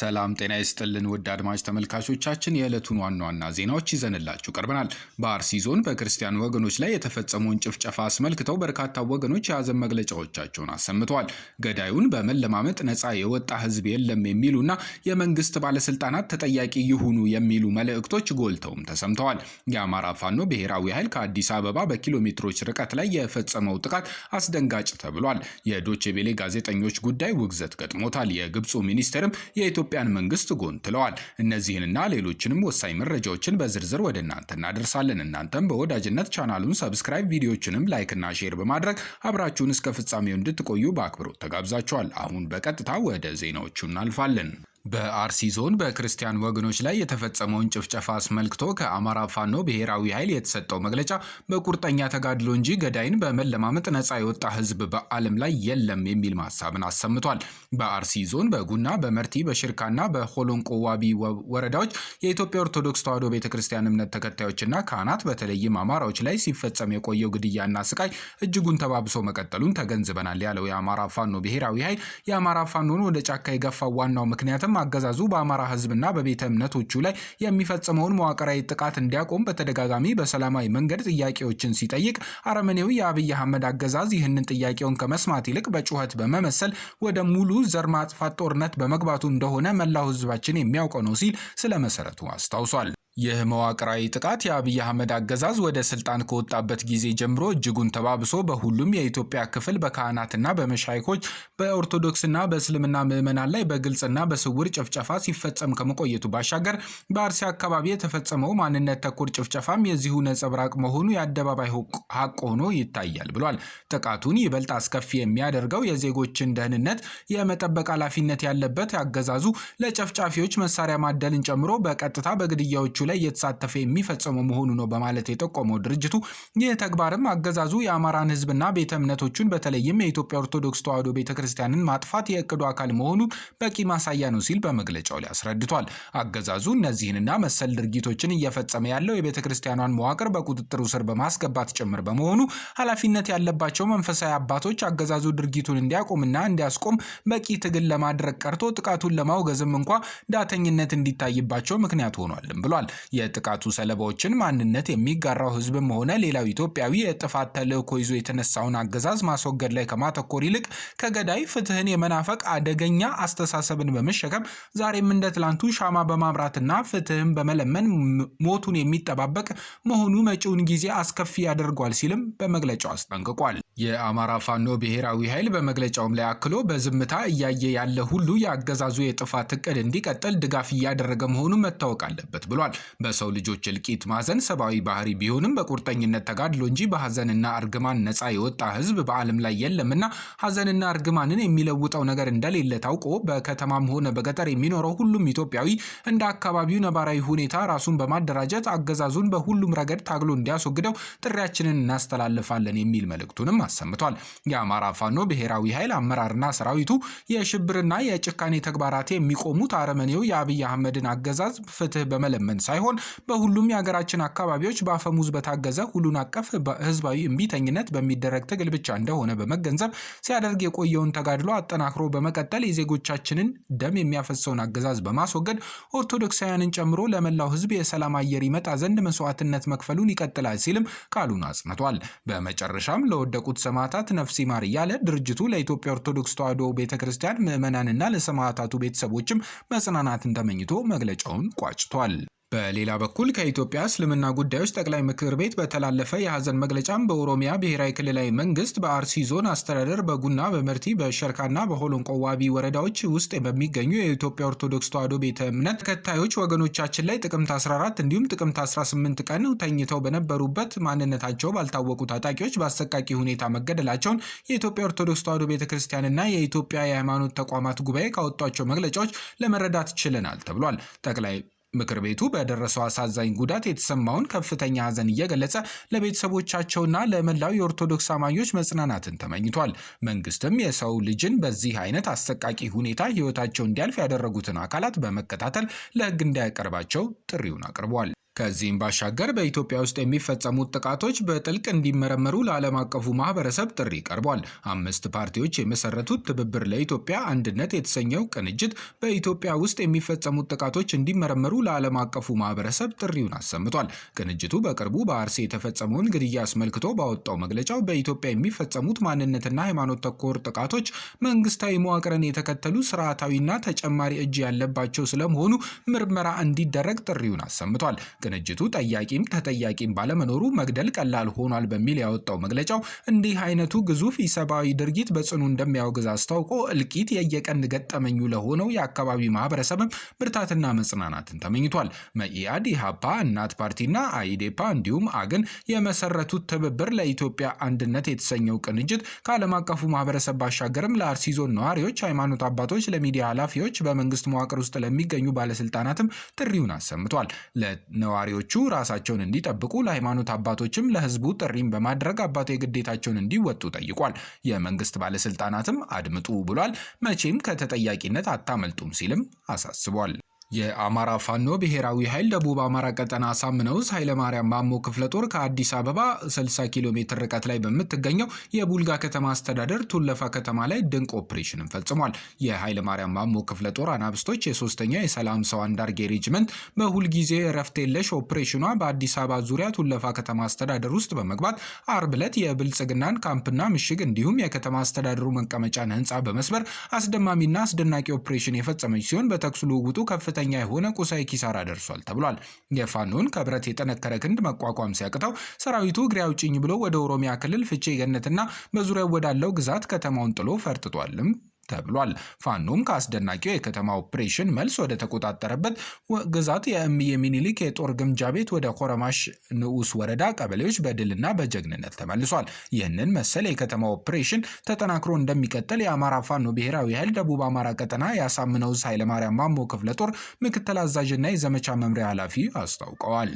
ሰላም ጤና ይስጥልን ውድ አድማጭ ተመልካቾቻችን የዕለቱን ዋና ዋና ዜናዎች ይዘንላችሁ ቀርበናል። በአርሲ ዞን በክርስቲያን ወገኖች ላይ የተፈጸመውን ጭፍጨፋ አስመልክተው በርካታ ወገኖች የሀዘን መግለጫዎቻቸውን አሰምተዋል። ገዳዩን በመለማመጥ ነፃ የወጣ ሕዝብ የለም የሚሉና የመንግስት ባለስልጣናት ተጠያቂ ይሁኑ የሚሉ መልእክቶች ጎልተውም ተሰምተዋል። የአማራ ፋኖ ብሔራዊ ኃይል ከአዲስ አበባ ሜትሮች ርቀት ላይ የፈጸመው ጥቃት አስደንጋጭ ተብሏል። የዶቼ ጋዜጠኞች ጉዳይ ውግዘት ገጥሞታል። የግብፁ ሚኒስትርም የኢትዮጵያን መንግስት ጎን ትለዋል። እነዚህንና ሌሎችንም ወሳኝ መረጃዎችን በዝርዝር ወደ እናንተ እናደርሳለን። እናንተም በወዳጅነት ቻናሉን ሰብስክራይብ፣ ቪዲዮዎችንም ላይክና ሼር በማድረግ አብራችሁን እስከ ፍጻሜው እንድትቆዩ በአክብሮት ተጋብዛችኋል። አሁን በቀጥታ ወደ ዜናዎቹ እናልፋለን። በአርሲ ዞን በክርስቲያን ወገኖች ላይ የተፈጸመውን ጭፍጨፋ አስመልክቶ ከአማራ ፋኖ ብሔራዊ ኃይል የተሰጠው መግለጫ በቁርጠኛ ተጋድሎ እንጂ ገዳይን በመለማመጥ ነፃ የወጣ ሕዝብ በዓለም ላይ የለም የሚል ሀሳብን አሰምቷል። በአርሲ ዞን በጉና በመርቲ በሽርካና በሆሎንቆዋቢ ወረዳዎች የኢትዮጵያ ኦርቶዶክስ ተዋሕዶ ቤተ ክርስቲያን እምነት ተከታዮችና ካህናት በተለይም አማራዎች ላይ ሲፈጸም የቆየው ግድያና ስቃይ እጅጉን ተባብሶ መቀጠሉን ተገንዝበናል ያለው የአማራ ፋኖ ብሔራዊ ኃይል የአማራ ፋኖን ወደ ጫካ የገፋው ዋናው ምክንያትም በመቀጠልም አገዛዙ በአማራ ህዝብና በቤተ እምነቶቹ ላይ የሚፈጽመውን መዋቅራዊ ጥቃት እንዲያቆም በተደጋጋሚ በሰላማዊ መንገድ ጥያቄዎችን ሲጠይቅ አረመኔው የአብይ አህመድ አገዛዝ ይህንን ጥያቄውን ከመስማት ይልቅ በጩኸት በመመሰል ወደ ሙሉ ዘር ማጥፋት ጦርነት በመግባቱ እንደሆነ መላው ህዝባችን የሚያውቀው ነው ሲል ስለ መሰረቱ አስታውሷል። ይህ መዋቅራዊ ጥቃት የአብይ አህመድ አገዛዝ ወደ ስልጣን ከወጣበት ጊዜ ጀምሮ እጅጉን ተባብሶ በሁሉም የኢትዮጵያ ክፍል በካህናትና በመሻይኮች በኦርቶዶክስና በእስልምና ምዕመናን ላይ በግልጽና በስውር ጭፍጨፋ ሲፈጸም ከመቆየቱ ባሻገር በአርሲ አካባቢ የተፈጸመው ማንነት ተኮር ጭፍጨፋም የዚሁ ነጸብራቅ መሆኑ የአደባባይ ሀቅ ሆኖ ይታያል ብሏል። ጥቃቱን ይበልጥ አስከፊ የሚያደርገው የዜጎችን ደህንነት የመጠበቅ ኃላፊነት ያለበት አገዛዙ ለጨፍጫፊዎች መሳሪያ ማደልን ጨምሮ በቀጥታ በግድያዎቹ ላይ እየተሳተፈ የሚፈጸመው መሆኑ ነው በማለት የጠቆመው ድርጅቱ ይህ ተግባርም አገዛዙ የአማራን ህዝብና ቤተ እምነቶቹን በተለይም የኢትዮጵያ ኦርቶዶክስ ተዋሕዶ ቤተ ክርስቲያንን ማጥፋት የእቅዱ አካል መሆኑ በቂ ማሳያ ነው ሲል በመግለጫው ላይ አስረድቷል። አገዛዙ እነዚህንና መሰል ድርጊቶችን እየፈጸመ ያለው የቤተ ክርስቲያኗን መዋቅር በቁጥጥሩ ስር በማስገባት ጭምር በመሆኑ ኃላፊነት ያለባቸው መንፈሳዊ አባቶች አገዛዙ ድርጊቱን እንዲያቆምና እንዲያስቆም በቂ ትግል ለማድረግ ቀርቶ ጥቃቱን ለማውገዝም እንኳ ዳተኝነት እንዲታይባቸው ምክንያት ሆኗልም ብሏል። የጥቃቱ ሰለባዎችን ማንነት የሚጋራው ህዝብም ሆነ ሌላው ኢትዮጵያዊ የጥፋት ተልዕኮ ይዞ የተነሳውን አገዛዝ ማስወገድ ላይ ከማተኮር ይልቅ ከገዳይ ፍትህን የመናፈቅ አደገኛ አስተሳሰብን በመሸከም ዛሬም እንደ ትላንቱ ሻማ በማብራትና ፍትህን በመለመን ሞቱን የሚጠባበቅ መሆኑ መጪውን ጊዜ አስከፊ ያደርጓል ሲልም በመግለጫው አስጠንቅቋል። የአማራ ፋኖ ብሔራዊ ኃይል በመግለጫውም ላይ አክሎ በዝምታ እያየ ያለ ሁሉ የአገዛዙ የጥፋት እቅድ እንዲቀጥል ድጋፍ እያደረገ መሆኑ መታወቅ አለበት ብሏል። በሰው ልጆች እልቂት ማዘን ሰብአዊ ባህሪ ቢሆንም በቁርጠኝነት ተጋድሎ እንጂ በሐዘንና እርግማን ነፃ የወጣ ህዝብ በዓለም ላይ የለምና ሐዘንና እርግማንን የሚለውጠው ነገር እንደሌለ ታውቆ በከተማም ሆነ በገጠር የሚኖረው ሁሉም ኢትዮጵያዊ እንደ አካባቢው ነባራዊ ሁኔታ ራሱን በማደራጀት አገዛዙን በሁሉም ረገድ ታግሎ እንዲያስወግደው ጥሪያችንን እናስተላልፋለን የሚል መልእክቱንም አሰምቷል። የአማራ ፋኖ ብሔራዊ ኃይል አመራርና ሰራዊቱ የሽብርና የጭካኔ ተግባራት የሚቆሙት አረመኔው የአብይ አህመድን አገዛዝ ፍትህ በመለመን ሳይሆን በሁሉም የሀገራችን አካባቢዎች በአፈሙዝ በታገዘ ሁሉን አቀፍ ህዝባዊ እምቢተኝነት በሚደረግ ትግል ብቻ እንደሆነ በመገንዘብ ሲያደርግ የቆየውን ተጋድሎ አጠናክሮ በመቀጠል የዜጎቻችንን ደም የሚያፈሰውን አገዛዝ በማስወገድ ኦርቶዶክሳውያንን ጨምሮ ለመላው ህዝብ የሰላም አየር ይመጣ ዘንድ መስዋዕትነት መክፈሉን ይቀጥላል ሲልም ቃሉን አጽንቷል። በመጨረሻም ለወደቁት ሰማዕታት ነፍስ ይማር እያለ ድርጅቱ ለኢትዮጵያ ኦርቶዶክስ ተዋሕዶ ቤተ ክርስቲያን ምዕመናንና ለሰማዕታቱ ቤተሰቦችም መጽናናትን ተመኝቶ መግለጫውን ቋጭቷል። በሌላ በኩል ከኢትዮጵያ እስልምና ጉዳዮች ጠቅላይ ምክር ቤት በተላለፈ የሐዘን መግለጫም በኦሮሚያ ብሔራዊ ክልላዊ መንግስት በአርሲ ዞን አስተዳደር በጉና በመርቲ በሸርካና በሆሎን ቆዋቢ ወረዳዎች ውስጥ በሚገኙ የኢትዮጵያ ኦርቶዶክስ ተዋሕዶ ቤተ እምነት ተከታዮች ወገኖቻችን ላይ ጥቅምት 14 እንዲሁም ጥቅምት 18 ቀን ተኝተው በነበሩበት ማንነታቸው ባልታወቁ ታጣቂዎች በአሰቃቂ ሁኔታ መገደላቸውን የኢትዮጵያ ኦርቶዶክስ ተዋሕዶ ቤተ ክርስቲያንና የኢትዮጵያ የሃይማኖት ተቋማት ጉባኤ ካወጧቸው መግለጫዎች ለመረዳት ችለናል ተብሏል። ጠቅላይ ምክር ቤቱ በደረሰው አሳዛኝ ጉዳት የተሰማውን ከፍተኛ ሐዘን እየገለጸ ለቤተሰቦቻቸውና ለመላው የኦርቶዶክስ አማኞች መጽናናትን ተመኝቷል። መንግስትም የሰው ልጅን በዚህ አይነት አሰቃቂ ሁኔታ ህይወታቸው እንዲያልፍ ያደረጉትን አካላት በመከታተል ለህግ እንዲያቀርባቸው ጥሪውን አቅርቧል። ከዚህም ባሻገር በኢትዮጵያ ውስጥ የሚፈጸሙት ጥቃቶች በጥልቅ እንዲመረመሩ ለዓለም አቀፉ ማህበረሰብ ጥሪ ቀርቧል። አምስት ፓርቲዎች የመሰረቱት ትብብር ለኢትዮጵያ አንድነት የተሰኘው ቅንጅት በኢትዮጵያ ውስጥ የሚፈጸሙት ጥቃቶች እንዲመረመሩ ለዓለም አቀፉ ማህበረሰብ ጥሪውን አሰምቷል። ቅንጅቱ በቅርቡ በአርሲ የተፈጸመውን ግድያ አስመልክቶ ባወጣው መግለጫው በኢትዮጵያ የሚፈጸሙት ማንነትና ሃይማኖት ተኮር ጥቃቶች መንግስታዊ መዋቅርን የተከተሉ ስርዓታዊና ተጨማሪ እጅ ያለባቸው ስለመሆኑ ምርመራ እንዲደረግ ጥሪውን አሰምቷል። ቅንጅቱ ጠያቂም ተጠያቂም ባለመኖሩ መግደል ቀላል ሆኗል በሚል ያወጣው መግለጫው እንዲህ አይነቱ ግዙፍ ኢሰብአዊ ድርጊት በጽኑ እንደሚያወግዝ አስታውቆ እልቂት የየቀን ገጠመኙ ለሆነው የአካባቢ ማህበረሰብም ብርታትና መጽናናትን ተመኝቷል። መኢአድ፣ ኢሃፓ፣ እናት ፓርቲና አኢዴፓ እንዲሁም አግን የመሰረቱት ትብብር ለኢትዮጵያ አንድነት የተሰኘው ቅንጅት ከዓለም አቀፉ ማህበረሰብ ባሻገርም ለአርሲ ዞን ነዋሪዎች፣ ሃይማኖት አባቶች፣ ለሚዲያ ኃላፊዎች፣ በመንግስት መዋቅር ውስጥ ለሚገኙ ባለስልጣናትም ጥሪውን አሰምቷል። ነዋሪዎቹ ራሳቸውን እንዲጠብቁ ለሃይማኖት አባቶችም ለህዝቡ ጥሪም በማድረግ አባቶ የግዴታቸውን እንዲወጡ ጠይቋል። የመንግስት ባለስልጣናትም አድምጡ ብሏል። መቼም ከተጠያቂነት አታመልጡም ሲልም አሳስቧል። የአማራ ፋኖ ብሔራዊ ኃይል ደቡብ አማራ ቀጠና ሳምነውዝ ኃይለማርያም ማሞ ክፍለ ጦር ከአዲስ አበባ 60 ኪሎ ሜትር ርቀት ላይ በምትገኘው የቡልጋ ከተማ አስተዳደር ቱለፋ ከተማ ላይ ድንቅ ኦፕሬሽንን ፈጽሟል። የኃይለማርያም ማሞ ክፍለ ጦር አናብስቶች የሶስተኛ የሰላም ሰው አንዳርጌ ሬጅመንት በሁልጊዜ ረፍት የለሽ ኦፕሬሽኗ በአዲስ አበባ ዙሪያ ቱለፋ ከተማ አስተዳደር ውስጥ በመግባት አርብ ዕለት የብልጽግናን ካምፕና ምሽግ እንዲሁም የከተማ አስተዳደሩ መቀመጫን ህንፃ በመስበር አስደማሚና አስደናቂ ኦፕሬሽን የፈጸመች ሲሆን በተኩስ ልውውጡ ከፍተ ከፍተኛ የሆነ ቁሳዊ ኪሳራ ደርሷል ተብሏል። የፋኖን ከብረት የጠነከረ ክንድ መቋቋም ሲያቅተው ሰራዊቱ እግሬ አውጭኝ ብሎ ወደ ኦሮሚያ ክልል ፍቼ ገነትና በዙሪያው ወዳለው ግዛት ከተማውን ጥሎ ፈርጥቷልም ተብሏል። ፋኖም ከአስደናቂው የከተማ ኦፕሬሽን መልስ ወደ ተቆጣጠረበት ግዛት የእምዬ ሚኒሊክ የጦር ግምጃ ቤት ወደ ኮረማሽ ንዑስ ወረዳ ቀበሌዎች በድልና በጀግንነት ተመልሷል። ይህንን መሰል የከተማ ኦፕሬሽን ተጠናክሮ እንደሚቀጥል የአማራ ፋኖ ብሔራዊ ኃይል ደቡብ አማራ ቀጠና የአሳምነውዝ ኃይለማርያም ማሞ ክፍለ ጦር ምክትል አዛዥና የዘመቻ መምሪያ ኃላፊ አስታውቀዋል።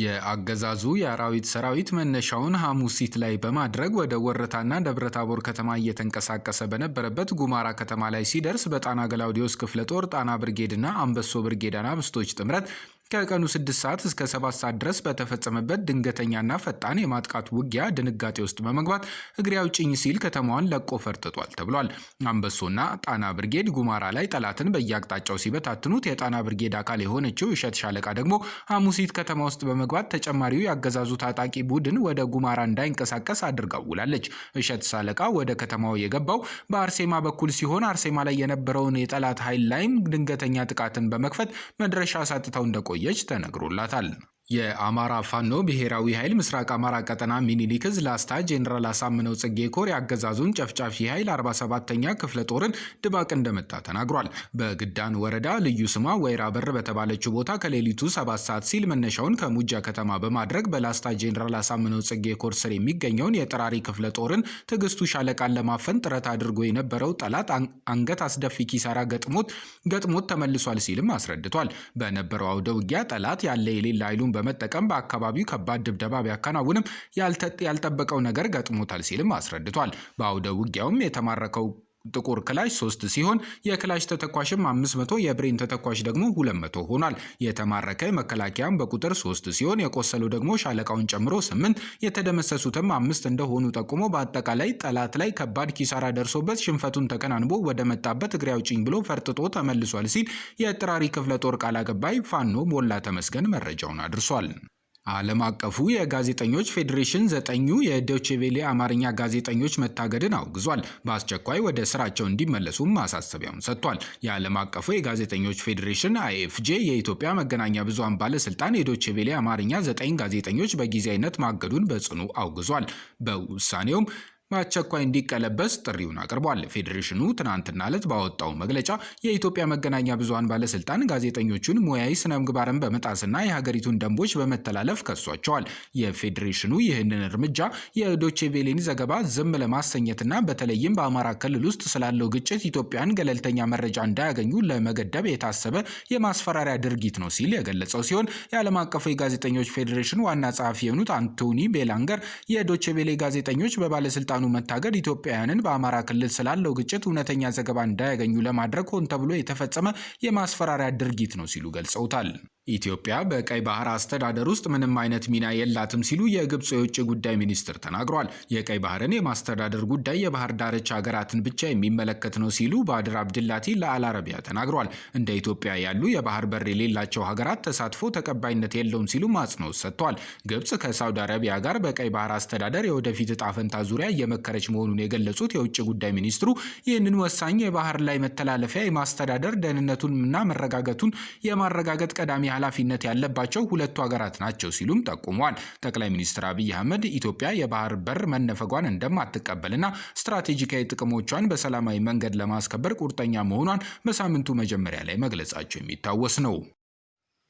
የአገዛዙ የአራዊት ሰራዊት መነሻውን ሐሙሲት ላይ በማድረግ ወደ ወረታና ደብረታቦር ከተማ እየተንቀሳቀሰ በነበረበት ጉማራ ከተማ ላይ ሲደርስ በጣና ገላውዲዮስ ክፍለ ጦር ጣና ብርጌድና አንበሶ ብርጌድ አናብስቶች ጥምረት ከቀኑ 6 ሰዓት እስከ 7 ሰዓት ድረስ በተፈጸመበት ድንገተኛና ፈጣን የማጥቃት ውጊያ ድንጋጤ ውስጥ በመግባት እግሬ ጭኝ ሲል ከተማዋን ለቆ ፈርጥጧል ተብሏል። አንበሶና ጣና ብርጌድ ጉማራ ላይ ጠላትን በየአቅጣጫው ሲበታትኑት የጣና ብርጌድ አካል የሆነችው እሸት ሻለቃ ደግሞ ሐሙሲት ከተማ ውስጥ በመግባት ተጨማሪው ያገዛዙ ታጣቂ ቡድን ወደ ጉማራ እንዳይንቀሳቀስ አድርጋው ውላለች። እሸት ሻለቃ ወደ ከተማው የገባው በአርሴማ በኩል ሲሆን አርሴማ ላይ የነበረውን የጠላት ኃይል ላይም ድንገተኛ ጥቃትን በመክፈት መድረሻ ሳጥተው እንደቆየ እንደቆየች ተነግሮላታል። የአማራ ፋኖ ብሔራዊ ኃይል ምስራቅ አማራ ቀጠና ሚኒሊክ ላስታ ጄኔራል አሳምነው ጽጌ ኮር የአገዛዙን ጨፍጫፊ ኃይል 47ኛ ክፍለ ጦርን ድባቅ እንደመታ ተናግሯል። በግዳን ወረዳ ልዩ ስሟ ወይራ በር በተባለችው ቦታ ከሌሊቱ ሰባት ሰዓት ሲል መነሻውን ከሙጃ ከተማ በማድረግ በላስታ ጄኔራል አሳምነው ጽጌ ኮር ስር የሚገኘውን የጠራሪ ክፍለ ጦርን ትዕግስቱ ሻለቃን ለማፈን ጥረት አድርጎ የነበረው ጠላት አንገት አስደፊ ኪሳራ ገጥሞት ገጥሞት ተመልሷል ሲልም አስረድቷል። በነበረው አውደ ውጊያ ጠላት ያለ የሌለ ኃይሉን በመጠቀም በአካባቢው ከባድ ድብደባ ቢያከናውንም ያልጠበቀው ነገር ገጥሞታል ሲልም አስረድቷል። በአውደ ውጊያውም የተማረከው ጥቁር ክላሽ 3 ሲሆን የክላሽ ተተኳሽም 500 የብሬን ተተኳሽ ደግሞ 200 ሆኗል። የተማረከ መከላከያም በቁጥር 3 ሲሆን የቆሰሉ ደግሞ ሻለቃውን ጨምሮ 8 የተደመሰሱትም አምስት እንደሆኑ ጠቁሞ በአጠቃላይ ጠላት ላይ ከባድ ኪሳራ ደርሶበት ሽንፈቱን ተከናንቦ ወደ መጣበት እግሬ አውጭኝ ብሎ ፈርጥጦ ተመልሷል ሲል የጥራሪ ክፍለ ጦር ቃል አቀባይ ፋኖ ሞላ ተመስገን መረጃውን አድርሷል። ዓለም አቀፉ የጋዜጠኞች ፌዴሬሽን ዘጠኙ የዶችቬሌ አማርኛ ጋዜጠኞች መታገድን አውግዟል። በአስቸኳይ ወደ ስራቸው እንዲመለሱም ማሳሰቢያውን ሰጥቷል። የዓለም አቀፉ የጋዜጠኞች ፌዴሬሽን አይኤፍጄ የኢትዮጵያ መገናኛ ብዙሃን ባለስልጣን የዶችቬሌ አማርኛ ዘጠኝ ጋዜጠኞች በጊዜያዊነት ማገዱን በጽኑ አውግዟል። በውሳኔውም በአስቸኳይ እንዲቀለበስ ጥሪውን አቅርቧል። ፌዴሬሽኑ ትናንትና ዕለት ባወጣው መግለጫ የኢትዮጵያ መገናኛ ብዙሃን ባለስልጣን ጋዜጠኞቹን ሙያዊ ስነ ምግባርን በመጣስና የሀገሪቱን ደንቦች በመተላለፍ ከሷቸዋል። የፌዴሬሽኑ ይህንን እርምጃ የዶቼቬሌን ዘገባ ዝም ለማሰኘትና በተለይም በአማራ ክልል ውስጥ ስላለው ግጭት ኢትዮጵያን ገለልተኛ መረጃ እንዳያገኙ ለመገደብ የታሰበ የማስፈራሪያ ድርጊት ነው ሲል የገለጸው ሲሆን የዓለም አቀፉ የጋዜጠኞች ፌዴሬሽን ዋና ጸሐፊ የሆኑት አንቶኒ ቤላንገር የዶቼቬሌ ጋዜጠኞች በባለስልጣኑ ስልጣኑ መታገድ ኢትዮጵያውያንን በአማራ ክልል ስላለው ግጭት እውነተኛ ዘገባ እንዳያገኙ ለማድረግ ሆን ተብሎ የተፈጸመ የማስፈራሪያ ድርጊት ነው ሲሉ ገልጸውታል። ኢትዮጵያ በቀይ ባህር አስተዳደር ውስጥ ምንም አይነት ሚና የላትም ሲሉ የግብፅ የውጭ ጉዳይ ሚኒስትር ተናግሯል። የቀይ ባህርን የማስተዳደር ጉዳይ የባህር ዳርቻ ሀገራትን ብቻ የሚመለከት ነው ሲሉ ባድር አብድላቲ ለአልአረቢያ ተናግሯል። እንደ ኢትዮጵያ ያሉ የባህር በር የሌላቸው ሀገራት ተሳትፎ ተቀባይነት የለውም ሲሉ አጽንኦት ሰጥቷል። ግብፅ ከሳውዲ አረቢያ ጋር በቀይ ባህር አስተዳደር የወደፊት ጣፈንታ ፈንታ ዙሪያ እየመከረች መሆኑን የገለጹት የውጭ ጉዳይ ሚኒስትሩ ይህንን ወሳኝ የባህር ላይ መተላለፊያ የማስተዳደር ደህንነቱንና መረጋጋቱን የማረጋገጥ ቀዳሚ ኃላፊነት ያለባቸው ሁለቱ ሀገራት ናቸው ሲሉም ጠቁመዋል። ጠቅላይ ሚኒስትር አብይ አህመድ ኢትዮጵያ የባህር በር መነፈጓን እንደማትቀበልና ስትራቴጂካዊ ጥቅሞቿን በሰላማዊ መንገድ ለማስከበር ቁርጠኛ መሆኗን በሳምንቱ መጀመሪያ ላይ መግለጻቸው የሚታወስ ነው።